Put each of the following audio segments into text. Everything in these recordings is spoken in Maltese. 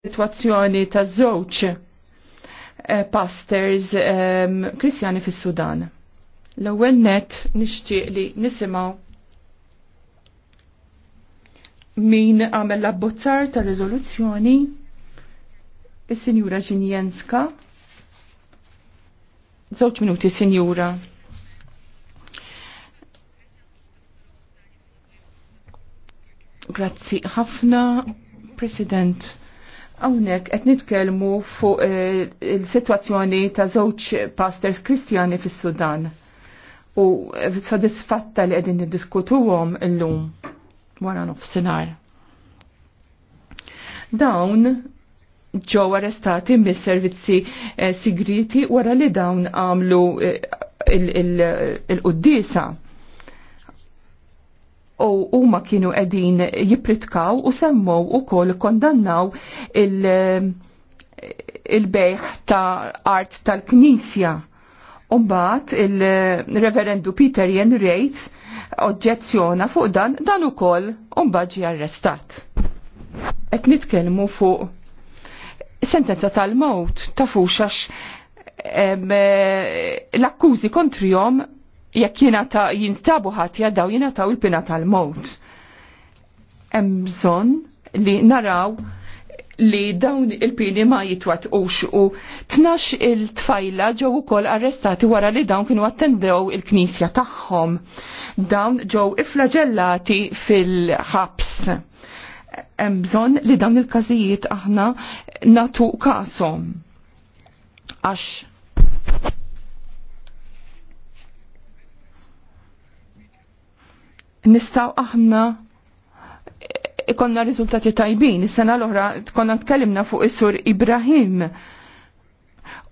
situazzjoni ta' żewġ eh, pastors ehm, kristjani fis-Sudan. L-ewwel net nixtieq li nisimgħu min għamel l-abbozzar ta' riżoluzzjoni is-Sinjura Ġinjenska. Żewġ minuti, Sinjura. Grazzi ħafna, President. Hawnhekk qed nitkellmu fuq eh, il-sitwazzjoni ta' żewġ pastors Kristjani fis-Sudan u sodisfatta li qegħdin niddiskutuhom illum wara nofsinhar. Dawn ġew arrestati mis-servizzi eh, sigriti wara li dawn għamlu il-quddisa. Eh, il il u huma kienu qegħdin jipritkaw u semmow ukoll kondannaw il- il-bejħ ta' art tal-Knisja. Umbat il-Reverendu Peter Jen Reitz oġġezzjona fuq dan dan ukoll umbat ġi arrestat. Qed nitkellmu fuq sentenza tal-mowt ta' fuxax eh, l-akkużi kontrihom jekk jiena ta' jinstabu ħadd jadaw jiena ta' il-pina tal-mowt. Hemm bżonn li naraw li dawn il-pini ma jitwatqux u tnax il-tfajla ġew ukoll arrestati wara li dawn kienu attendew il-knisja tagħhom. Dawn ġew iflaġellati fil-ħabs. Hemm bżonn li dawn il-każijiet aħna natu kasom. Għax nistaw aħna ikonna rizultati tajbin. Is-sena l-oħra tkonna tkellimna fuq is-sur Ibrahim.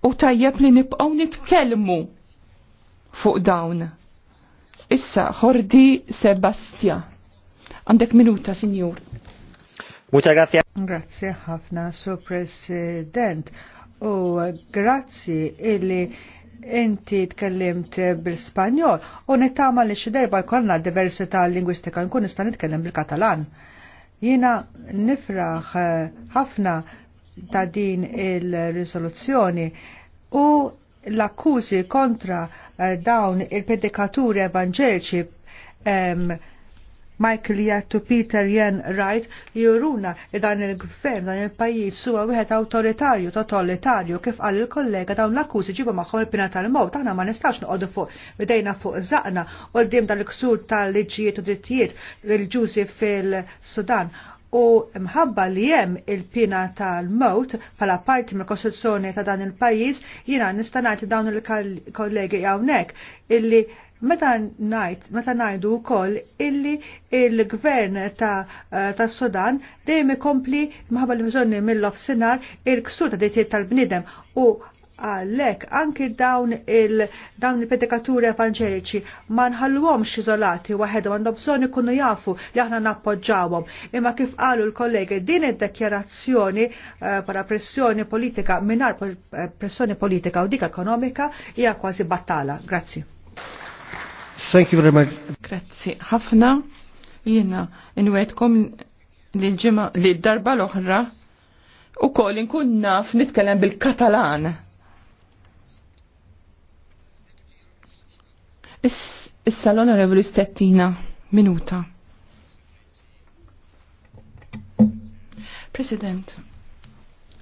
U tajjeb li nibqgħu nitkellmu fuq dawn. Issa Hordi Sebastia. Għandek minuta, sinjur. Muchas gracias. Grazie ħafna, Sur President. U grazzi illi inti tkellimt bil-Spanjol u nittama li xi darba jkollna diversità lingwistika nkun nista' nitkellem bil-Katalan. Jiena nifraħ eh, ħafna ta' din il-riżoluzzjoni u l-akkużi kontra eh, dawn il-predikaturi evanġeliċi Michael u Peter Jen Wright juruna li dan il-gvern dan il-pajjiż huwa wieħed awtoritarju totalitarju kif qal il-kollega dawn l-akkużi ġibu magħhom il-pina tal-mowt aħna ma nistax noqogħdu fuq bidejna fuq żaqna qudiem dal-ksur tal-liġijiet u drittijiet reliġjużi fil-Sudan u mħabba li jem il-pina tal-mot pala parti mill kostituzzjoni ta' dan il-pajis jina nistanajt dawn il-kollegi għawnek illi Meta najt, meta najdu wkoll illi il-gvern ta', eh, ta Sudan dejjem ikompli maħba l bżonni mill-offsinar il-ksur ta' dejtiet tal-bnidem u għalhekk anki dawn il dawn il-pedikaturi evanġeliċi ma nħalluhomx iżolati waħedhom għandhom bżonn ikunu jafu li aħna nappoġġawhom. Imma kif qalu l-kollegi din id-dekjarazzjoni eh, para pressjoni politika mingħajr eh, pressjoni politika u dik ekonomika hija kważi battala. Grazzi. Thank you very much. Grazzi ħafna. Jiena inwetkom l-ġimgħa l darba l-oħra kol inkun naf nitkellem bil-Katalan. Issa l-Onorevoli Stettina, minuta. President,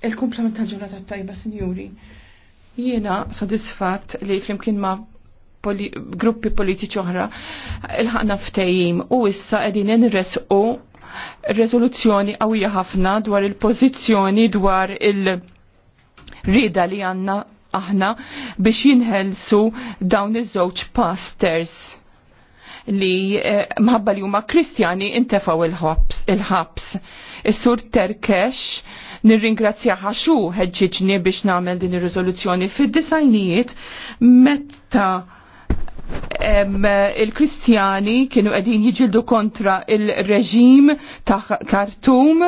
il-kumplament tal-ġurnata tajba, signori, jiena sodisfatt li flimkien ma' poli gruppi politiċi oħra il-ħana ftejim u issa qegħdin u rezoluzzjoni qawwija ħafna dwar il-pożizzjoni dwar il-rida li għandna aħna biex jinħelsu dawn iż-żewġ pastors li eh, mħabba li huma kristjani intefaw il-ħabs. Is-sur Terkesh nirringrazzja ħaxu ħeġġiġni biex nagħmel din ir-riżoluzzjoni fid-disajnijiet meta il-Kristjani kienu qegħdin jiġildu kontra il-reġim ta' Kartum.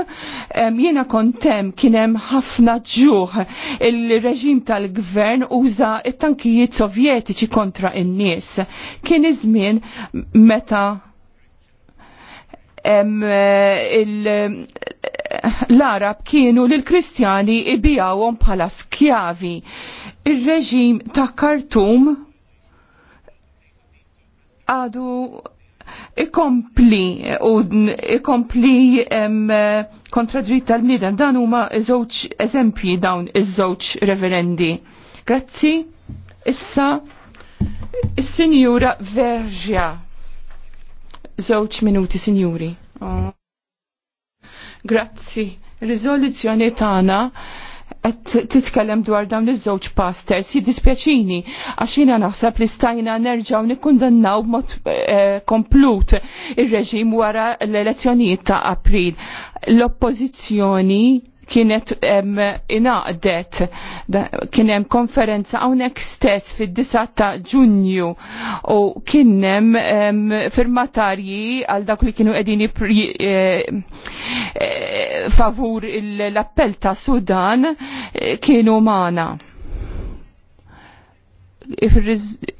Jiena kontem kien hemm ħafna ġuħ. Il-reġim tal-gvern uża it-tankijiet sovjetiċi kontra in-nies. Kien iż-żmien meta l-Arab kienu l-Kristjani ibijawhom bħala skjavi. Ir-reġim ta' Kartum għadu ikompli u ikompli kontradritt tal-bnidem. Dan huma żewġ eżempji dawn iż-żewġ reverendi. Grazzi. Issa is-Sinjura Verġja. Żewġ minuti, Sinjuri. Oh. Grazzi. Riżoluzzjoni tagħna qed titkellem dwar dawn iż-żewġ pastors jiddispjaċini għax jiena naħseb li stajna nerġgħu nikkundannaw b'mod eh, komplut ir-reġim wara l-elezzjonijiet ta' April. L-oppożizzjoni kienet inaqdet, kienem konferenza għawnek stess fid-9 ta' ġunju u kienem firmatarji għal dak li kienu edini e, e, favur l-appell ta' Sudan e, kienu mana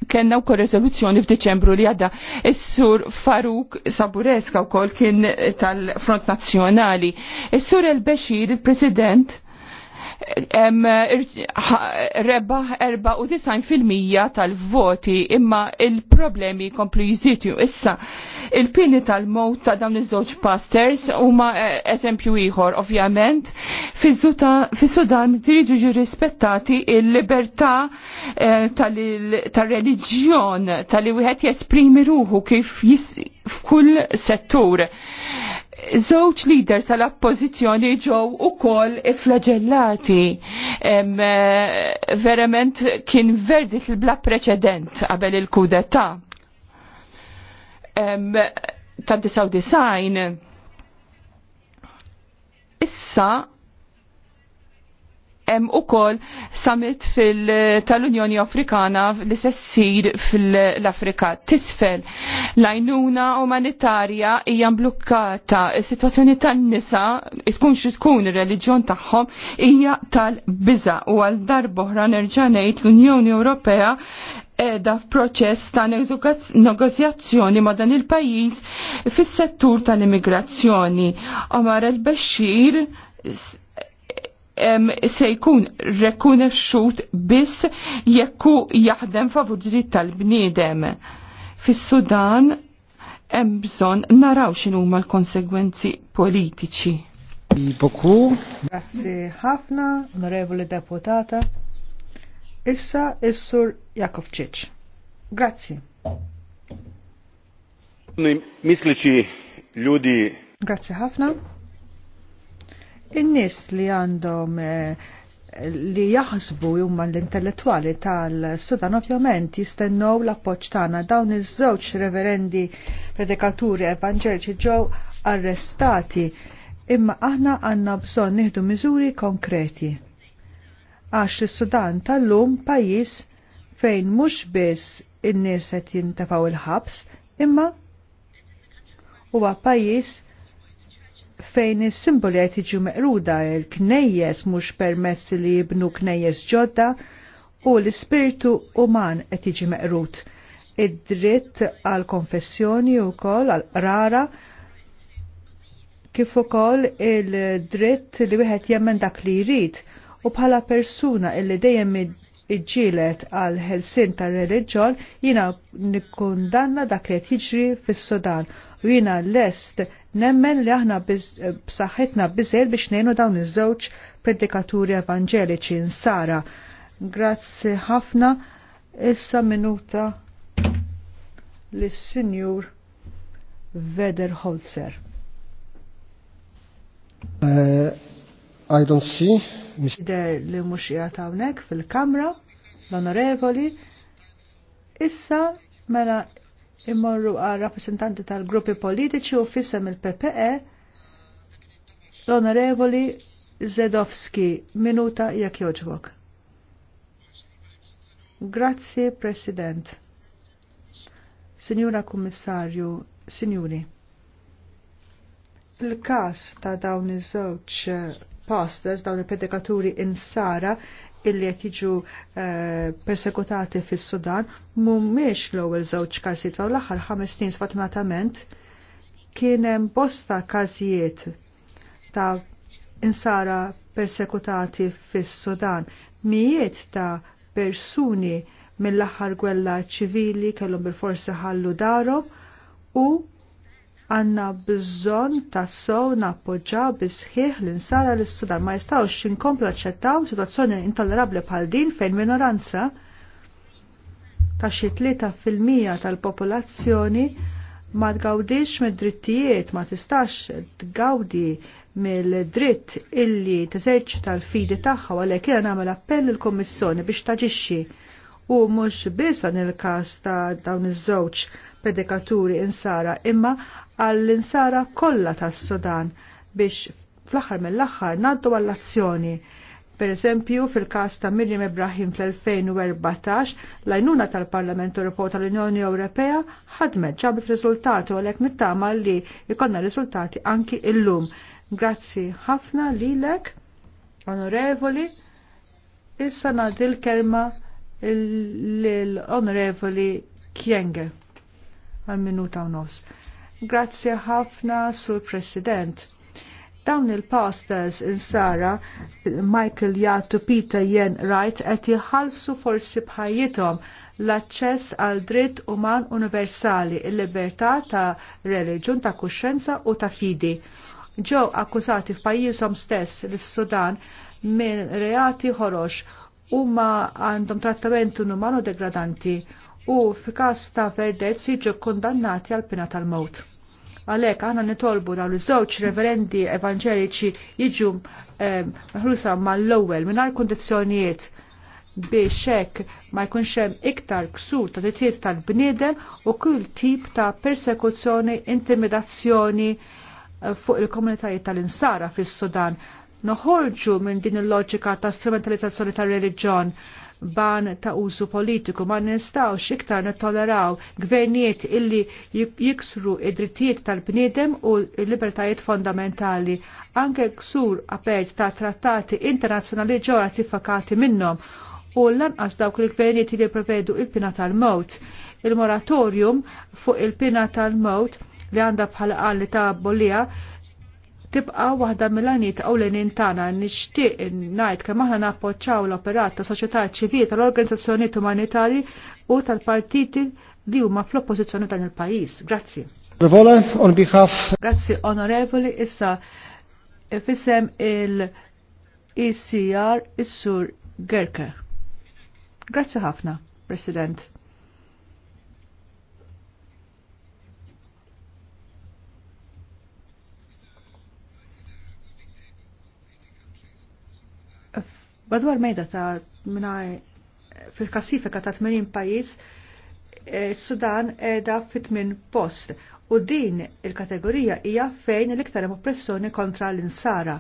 kena u korrezoluzzjoni f'Deċembru li għadda Is-sur Faruk Sabureska u kol kien tal-Front Nazjonali. Is-sur El-Bashir, il-President, reba 94% tal-voti imma il-problemi komplu jizitju. Issa, il-pini tal-mot ta' dawn iż-żewġ pastors huma eh, eżempju ieħor ovvjament Fis-Sudan diriġu rispettati il-libertà eh, tal-reliġjon tal-li wieħed jesprimi ruħu kif f'kull settur. Żewġ leaders tal-appożizzjoni ġew ukoll flagellati. Eh, verament kien verdit l bla preċedent qabel il-kudetta ta' 99 issa hemm ukoll summit tal-Unjoni Afrikana li se ssir fil afrika tisfel. L-għajnuna umanitarja hija mblukkata, is-sitwazzjoni tan-nisa tkun xi tkun ir-reliġjon tagħhom hija tal-biża u għal darb'oħra nerġa' ngħid l-Unjoni Ewropea edha f'proċess ta' negozjazzjoni ma' dan il-pajjiż fis-settur tal-immigrazzjoni. Omar el-Bashir se jkun rekunexxut biss jekku jaħdem favur dritt tal-bniedem. Fis-Sudan hemm bżonn naraw x'inhu huma l-konsegwenzi politiċi. Boku. Grazzi ħafna, onorevoli deputata. Issa is-sur Jakovčić. Grazzi. Misliċi ljudi. Grazzi ħafna in-nies li għandhom eh, li jaħsbu jumma l-intellettuali tal-Sudan ovvjament jistennow l-appoċ tagħna dawn iż-żewġ reverendi predikaturi evanġeliċi ġew arrestati imma aħna għandna bżonn nieħdu miżuri konkreti. Għax is-Sudan tal-lum pajjiż fejn mhux biss in-nies qed jintefgħu il-ħabs imma huwa pajjiż fejn is-simboli qed iġu meqruda il-knejjes mhux permessi li jibnu knejjes ġodda u l-ispirtu uman qed jiġi meqrud. Id-dritt għal konfessjoni wkoll għal rara kif ukoll il-dritt li wieħed jemmen dak li jrid u bħala persuna illi dejjem iġġielet għal ħelsin tar reliġjon jina nikkundanna dak li qed jiġri fis-Sudan u jina lest nemmen li aħna b'saħħitna biżel biex ngħinu dawn iż-żewġ predikaturi evanġeliċi nsara. Grazzi ħafna issa minuta lis-Sinjur Wederholzer. Uh, I don't see Mister li mhux jagħta hawnhekk fil-Kamra l-Onorevoli issa mela immorru għal rappresentanti tal-gruppi politiċi u fissem il-PPE l-Onorevoli Zedowski minuta jekk joġvok. Grazzi President. Signora Kummissarju, Signori. Il-kas ta' dawn iż-żewġ pastors dawn il-predikaturi insara illi qed jiġu eh, persekutati fis-Sudan mhumiex l-ewwel żewġ każijiet u l-aħħar ħames snin sfortunatament kien hemm bosta każijiet ta' insara persekutati fis-Sudan. Mijiet ta' persuni mill-aħħar gwella ċivili kellhom bil-forsi ħallu darom u għanna bżon ta' sow nappoġġaw bisħiħ l-insara l-Sudan. Ma xin inkomplu aċċettaw situazzjoni intollerabli bħal din fejn minoranza ta' xi tlieta fil-mija tal-popolazzjoni ma tgawdix mid-drittijiet, ma tistax tgawdi mill-dritt illi teżerċita tal fidi tagħha għalhekk jiena nagħmel appell il-Kommissjoni biex taġixxi u mhux biss dan il-każ ta' dawn iż-żewġ predikaturi insara imma għall-insara kollha tas-Sudan biex fl-aħħar mill-aħħar ngħaddu għall-azzjoni. Per eżempju, fil-kas ta' Miriam Ibrahim fl-2014, l-għajnuna tal-Parlament Ewropew tal-Unjoni Ewropea ħadmet ġabet riżultati u għalhekk nittama li jkollna riżultati anki illum. Grazzi ħafna lilek, onorevoli, issa nagħti l-kelma l-Onorevoli Kienge għal minuta u nofs. Grazzi ħafna, Sur President. Dawn il-pastors insara Michael Jattu Peter Jen Wright qed jħallsu forsi bħajjithom l-aċċess għal dritt uman universali, il-libertà ta' reliġjun, ta' kuxenza u ta' fidi. Ġew akkużati f'pajjiżhom stess l-Sudan minn reati ħorox huma għandhom trattament numano degradanti u f'każ ta' verdett jiġu kondannati għal pina tal-mewt. Għalhekk aħna nitolbu dawn iż-żewġ reverendi evanġeliċi jiġu eh, meħlusa mal-ewwel mingħajr kundizzjonijiet biex hekk ma jkunx hemm iktar ksur ta' titjiet tal-bniedem u kull tip ta' persekuzzjoni, intimidazzjoni eh, fuq il-komunitajiet tal-insara fis-Sudan noħorġu minn din il-loġika ta' strumentalizzazzjoni ta' reliġjon ban ta' użu politiku ma nistawx iktar nittoleraw gvernijiet illi jiksru id-drittijiet tal-bniedem u l-libertajiet fondamentali anke ksur apert ta' trattati internazzjonali ġo ratifikati minnhom u lanqas dawk il-gvernijiet li provedu il-pina tal mot Il-moratorium fuq il-pina tal mot li għanda bħala għalli ta' bolija tibqa' waħda mill-għaniet ewlenin tagħna nixtieq ngħid kemm aħna nappoġġaw l-operat ta' soċjetà ċivili tal-organizzazzjonijiet umanitarji u tal-partiti li huma fl-oppożizzjoni dan il-pajjiż. Grazzi. on behalf. Grazzi onorevoli issa ifisem il-ECR is-sur Gerke. Grazzi ħafna, President. Madwar mejda ta' fil kassifika ta' 80 pajjiż, eh, Sudan edha fit min post u din il-kategorija hija fejn l-iktar oppressjoni kontra l-insara.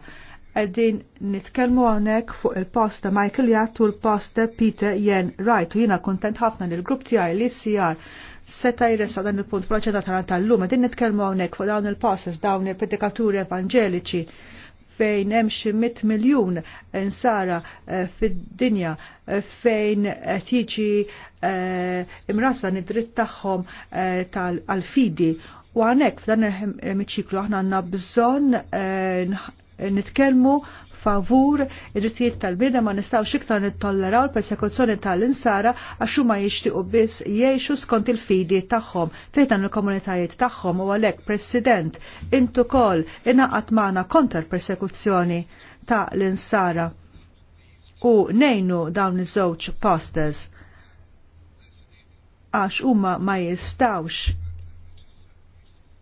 Għeddin nitkelmu għonek fuq il-post ta' Michael Jatt u l-post ta' Peter Jen Wright u jina kontent ħafna li l-grupp tiegħi li CR seta jressa dan il-punt proċeda tal-lum. Għeddin nitkelmu għonek fuq dawn il-post dawn il-predikaturi evangeliċi fejn hemm xi mit miljun insara eh, fid-dinja eh, fejn tiġi eh, imrasa imrasan id-dritt tagħhom tal-fidi. U għanek f'dan il-ċiklu aħna għandna bżonn nitkellmu favur id-drittijiet tal-bida ma nistawx iktar nittolleraw l-persekuzzjoni tal-insara għax huma jixtiequ biss jgħixu skont il-fidi tagħhom fejtan il-komunitajiet tagħhom u għalhekk President intu kol inaqgħad magħna kontra l-persekuzzjoni ta' l-insara u nejnu dawn iż-żewġ pastors għax huma ma jistawx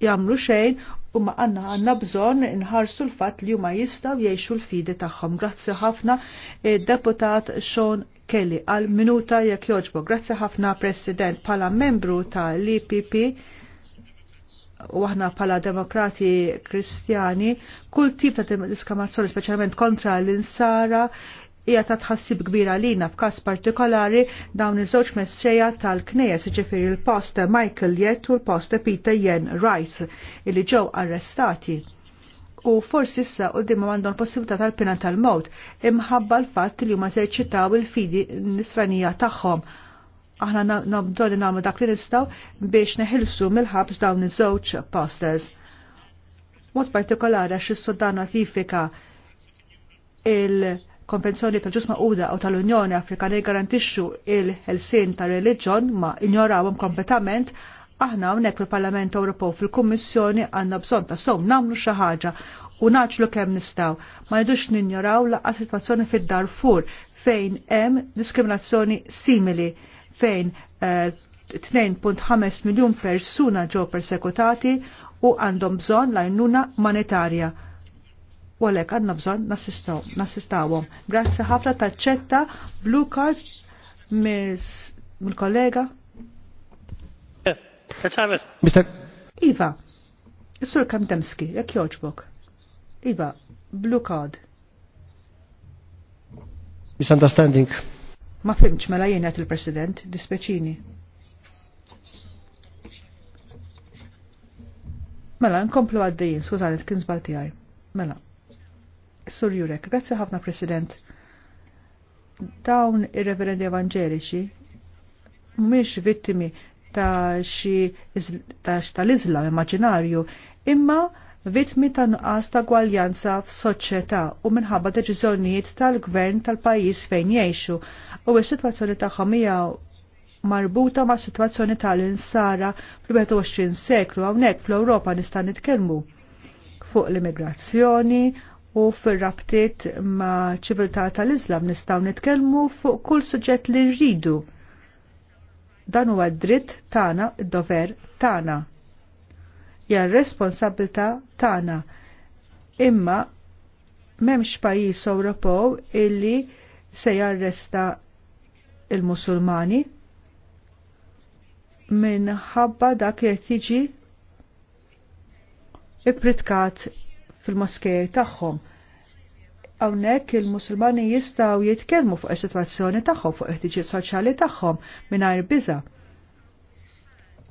jamlu xejn u għanna għanna bżon nħarsu l-fat li huma jistaw jiexu l-fidi tagħhom. Grazzi ħafna eh, deputat Sean Kelly għal minuta jekk joġbo. Grazzi ħafna President pala membru ta' l-IPP u aħna pala demokrati kristjani, kull tip ta' diskriminazzjoni speċjalment kontra l-insara hija ta' tħassib kbira lina f'każ partikolari dawn iż-żewġ messejja tal-Knejes ġifieri l-post Michael Jett u l-post Peter Jen Wright, illi ġew arrestati u forsi issa u dimma għandhom possibilità tal-pina tal mod imħabba l-fatt li huma seċitaw il-fidi nisranija tagħhom. Aħna nabdu li nagħmlu dak li nistgħu biex neħilsu mill-ħabs dawn iż-żewġ posters. Mod partikolari għax is sodana tifika il- konvenzjoni ta' ġusma uħda u tal-Unjoni Afrikana jgarantixxu il-ħelsien ta' reliġjon ma ignorawhom kompletament, aħna hawnhekk fil-Parlament Ewropew fil-Kummissjoni għandna bżonn ta' sew nagħmlu xi ħaġa u naċlu kemm nistgħu. Ma rridux ninjoraw laqgħa sitwazzjoni fid-Darfur fejn hemm diskriminazzjoni simili fejn 2.5 eh, miljun persuna ġew persekutati u għandhom bżonn l-għajnuna monetarja u għalek għadna bżon nassistawom. Grazzi ħafna taċċetta Blue Card mill-kollega. Iva, s-sur temski, jek joġbok. Iva, Blue Card. Misunderstanding. Ma fimċ mela jenet il-President, dispeċini. Mela, nkomplu għaddejn, skużani, kien zbalti għaj. Mela. Sur Jurek, grazie ħafna President. Dawn ir-reverendi evangeliċi mhumiex vittimi ta' xi tal-Iżlam immaġinarju, imma vittmi ta' nuqqas ta' gwaljanza f'soċjetà u minħabba deċiżjonijiet tal-gvern tal-pajjiż fejn jgħixu u s-sitwazzjoni tagħhom hija marbuta ma' situazzjoni tal-insara fl 21 seklu hawnhekk fl-Ewropa nista' nitkellmu fuq l-immigrazzjoni u fir-rabtiet ma' ċiviltà tal-Islam nistgħu nitkellmu fuq kull suġġett li rridu. Dan huwa dritt tagħna, id-dover tagħna. Ja responsabilità tagħna. Imma m'hemmx pajjiż Ewropew illi se jarresta il-Musulmani minħabba dak li jiġi ippritkat fil-moskej tagħhom. Hawnhekk il-Musulmani jistgħu jitkellmu fuq is-sitwazzjoni tagħhom fuq il tiġiet soċjali tagħhom mingħajr biża'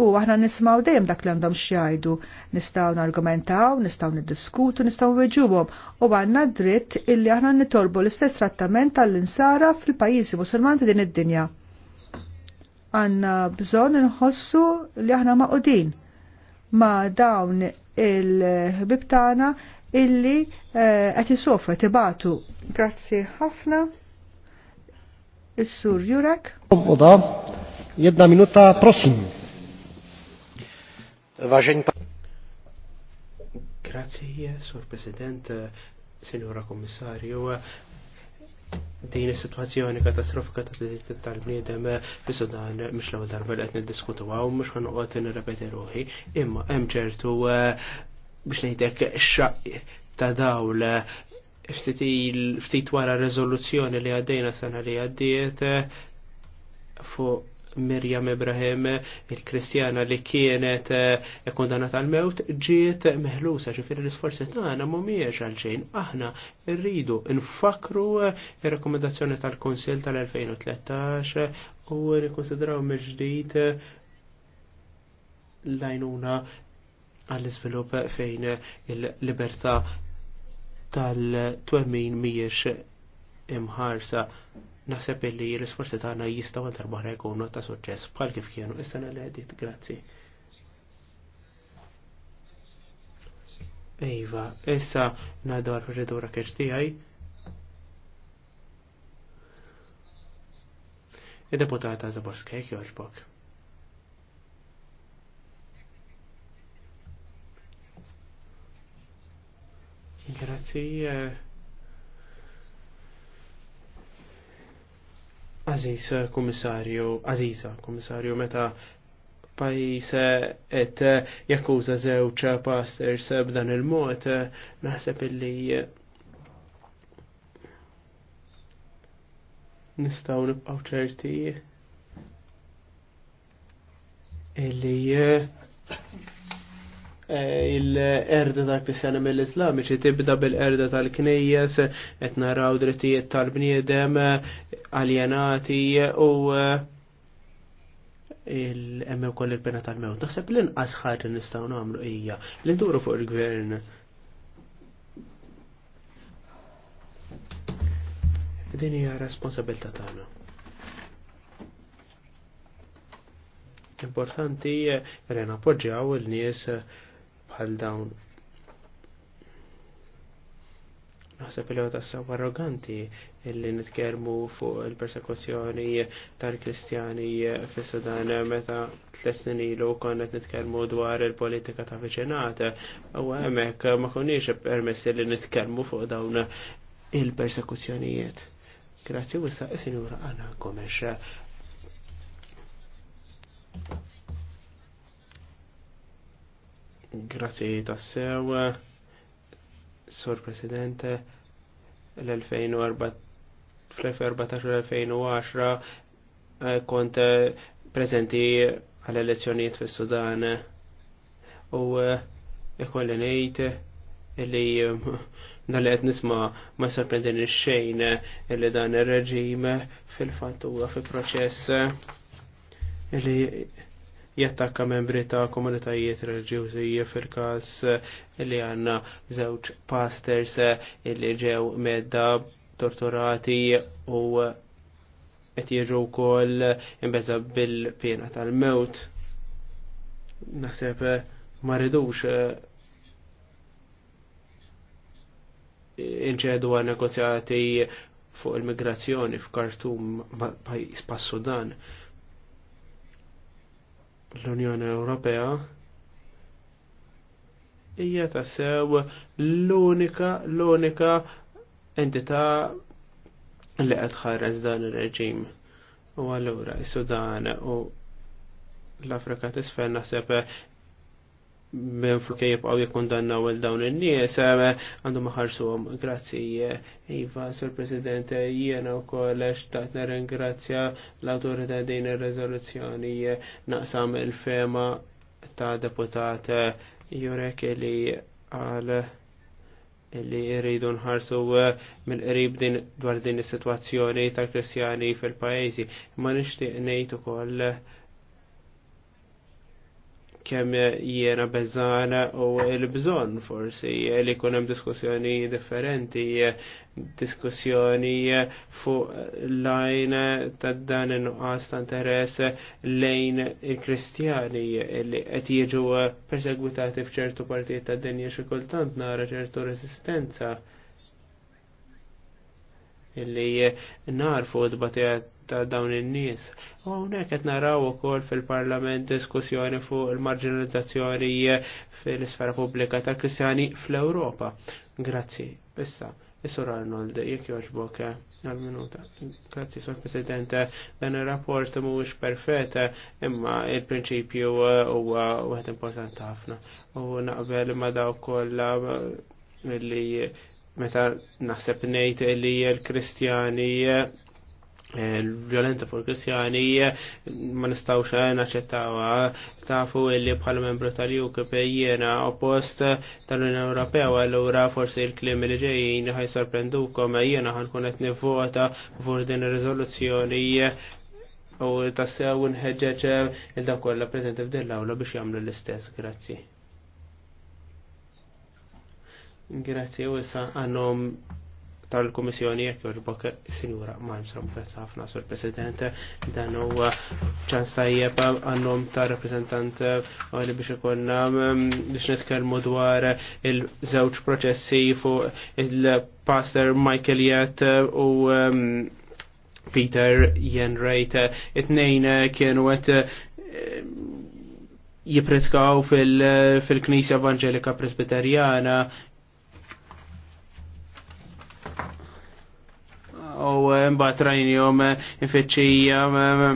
u aħna nismaw dejjem dak li għandhom xjajdu, nistgħu nargumentaw, nistgħu niddiskutu, nistgħu weġubhom, u għandna dritt illi aħna nitolbu l-istess trattament tal-insara fil-pajjiżi musulmani din id-dinja. Għandna bżonn inħossu li aħna maqudin ma dawn il-ħbib tagħna illi uh, eh, sofra tibatu. Grazie ħafna. Is-sur Jurek. Oda, jedna minuta prosim. Vaġen Grazzi, Sur President, Senjora Kommissarju, din is-sitwazzjoni katastrofika ta' tal-bniedem fis-Sudan mhux l-ewwel darba li qed niddiskutuha u mhux ħanqgħod nirrepeti ruħi, imma hemm ċertu biex ngħidlek xaq ta' dawl ftit wara rezoluzzjoni li għaddejna sena li għaddiet eh, fuq Mirjam Ibrahim, il-Kristjana li kienet eh, kondannata għal mewt ġiet meħlusa ġifiri l-isforzi tagħna mhumiex għalxejn. Aħna rridu nfakru eh, ir-rekomendazzjoni tal-Kunsill tal-2013 u nikkonsidraw mill-ġdid l-għajnuna għall-izvilup fejn il-libertà tal-twemmin miex imħarsa naħseb illi l-isforzi tagħna jistgħu darbara jkunu ta' suċċess bħal kif kienu is-sena li għedit, grazzi. Ejva, issa ngħidu għal proċedura kex tiegħi. Id-deputata Zaborskej jogħġbok. Grazzi. Eh, Aziz eh, komissarju, Aziza komissarju, meta pajis eh, et jakkuża zewċ pasters b'dan il-mod, naħseb illi nistaw nibqaw ċerti illi Eh, il-erda tal-Kristjani mill-Islamiċi tibda bil-erda tal-Knejjes, qed naraw drittijiet tal-bniedem aljenati u eh, il-emme wkoll il-pena tal-mewt. Naħseb l-inqas ħaġa nistgħu nagħmlu hija li nduru fuq il-gvern. Din hija responsabilità tagħna. importanti rena eh, appoġġjaw il-nies bħal dawn. Naħseb li saw arroganti illi nitkermu fuq il-persekuzzjoni tal-Kristjani fis-Sudan meta tles snin ilu konnet nitkermu dwar il-politika ta' viċinat. U għamek ma konniex permessi li nitkermu fuq dawn il-persekuzzjonijiet. Grazzi wissa, Sinjura Anna you. Grazzi tassew, Sur Presidente, l-2014 fl-2014-2010 eh, kont eh, prezenti għal elezzjonijiet fis sudan u eh, ikolli ngħid illi dan li qed nisma' ma sorprendini xejn illi dan ir-reġim fil-fatt huwa fi proċess illi jattakka membri ta' komunitajiet reliġjużi fil-każ eh, li għandna żewġ pastors eh, li ġew medda torturati u eh, qed jiġu wkoll imbeża bil-pjena tal-mewt. Naħseb ma ridux inċedu għal negozjati fuq il-migrazzjoni f'Kartum ma' Sudan l-Unjoni Ewropea hija tassew l-unika l-unika entità li qed tħares dan ir-reġim. U allura is-Sudan u l-Afrika t'isfel naħseb minn flukej jibqaw jikondannaw il dawn il-nies, għandu għom, Grazzi, Iva, Sur President, jiena u koll xtaqt ringrazzja l-autorita din il rezoluzjoni naqsam il-fema ta' deputat Jurek li għal li jridu nħarsu minn qrib din dwar din is-sitwazzjoni tal-Kristjani fil-pajjiżi. Ma nixtieq ngħid ukoll kemm jiena bezzana u l-bżonn forsi li jkun hemm diskussjoni differenti, diskussjoni fuq lajn ta' dan in-nuqqas ta' interess lejn il-Kristjani li qed jiġu persegwitati f'ċertu partijiet tad dinja xi kultant nara ċertu resistenza illi narfu d-batijat ta' dawn in-nies. U hawnhekk qed naraw ukoll fil-Parlament diskussjoni fuq il-marginalizzazzjoni fil-isfera pubblika ta' kristjani fl-Ewropa. Grazzi. Issa, Isur Arnold, jekk jogħġbok eh, għal-minuta. Grazzi, Sur President, dan ir-rapport mhuwiex perfett, imma il-prinċipju eh, huwa wieħed importanti ħafna. U naqbel ma dawk kollha eh, li meta naħseb ngħid li l-Kristjani l-violenza fuq il-Kristjani ma nistawx eh, naċċettawha tafu li bħal membru tal-UKP jiena oppost tal-Unjoni Ewropea allura forsi l-klim li ġejjin ħaj sorprendukom eh, jiena ħankun qed nivvota fuq din ir-riżoluzzjoni eh, u tassew nħeġġeġ il-dak kollha preżenti f'din awla biex jagħmlu l-istess. Grazzi. Grazzi u issa għandhom tal-Komissjoni jekk jorbok sinjura Malmstrom fess ħafna sur President dan huwa ċans tajjeb għandhom ta' rappreżentant għali eh, biex ikonna mm, biex nitkellmu dwar il-żewġ proċessi fuq il-Pastor Michael Jett eh, u mm, Peter Jenrejt. It-nejn eh, kienu għet jipretkaw fil-Knisja Evangelika Presbiterjana u mbagħad rajnihom infeċċija eh,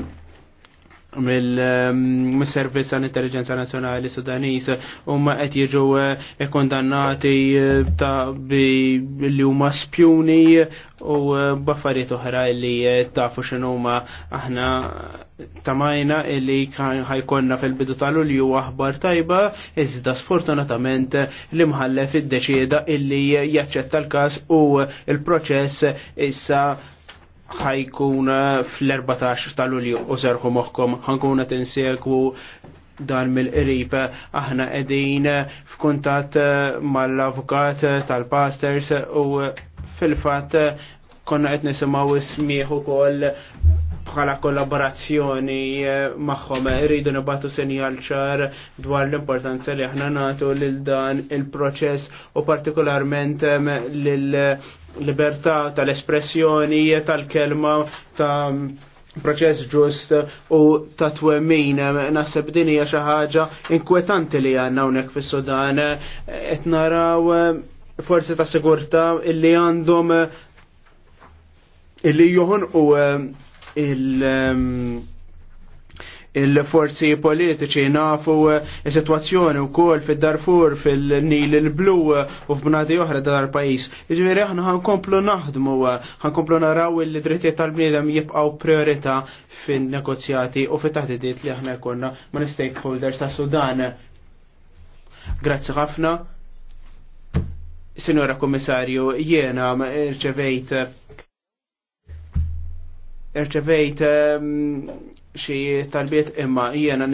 mill-Servizz eh, tal-Intelligenza Nazzjonali Sudanis huma qed jiġu eh, kondannati ta' li huma spjuni u baffariet oħra li tafu x'inhuma aħna tamajna illi ħajkonna fil-bidu tal-ulju aħbar tajba, iżda sfortunatament li mħallef id deċieda illi jaċċetta l każ u l proċess issa ħajkun eh, fl-14 tal-Lulju u serħu moħkom ħankuna tinsegwu dan mill-qrib aħna qegħdin eh, f'kuntatt eh, mal-avukat tal-pastors u fil-fatt konna qed nisimgħu ismieħ ukoll bħala kollaborazzjoni magħhom irridu nibatu sinjal ċar dwar l-importanza li aħna nagħtu lil dan il-proċess u partikolarment lil libertà tal-espressjoni, tal-kelma, ta' proċess ġust u ta' twemmin. naħseb din hija xi ħaġa inkwetanti li għandna hawnhekk fis-Sudan qed naraw eh, forsi ta' sigurtà illi għandhom eh, illi joħonqu eh, il- ehm, il-forzi politiċi nafu eh, il-situazzjoni u kol fil-Darfur, fil-Nil il-Blu eh, u f'bnadi oħra dar pajis. Ġviri jiġifieri aħna komplu naħdmu, eh, komplu naraw il-drittijiet tal-bniedem jibqaw priorita fin-negozjati u fit-taħdidiet li aħna jkollna man stakeholders ta' Sudan. Grazzi ħafna. Sinora Kommissarju, jiena irċevejt irċevejt ehm, tal-biet imma jiena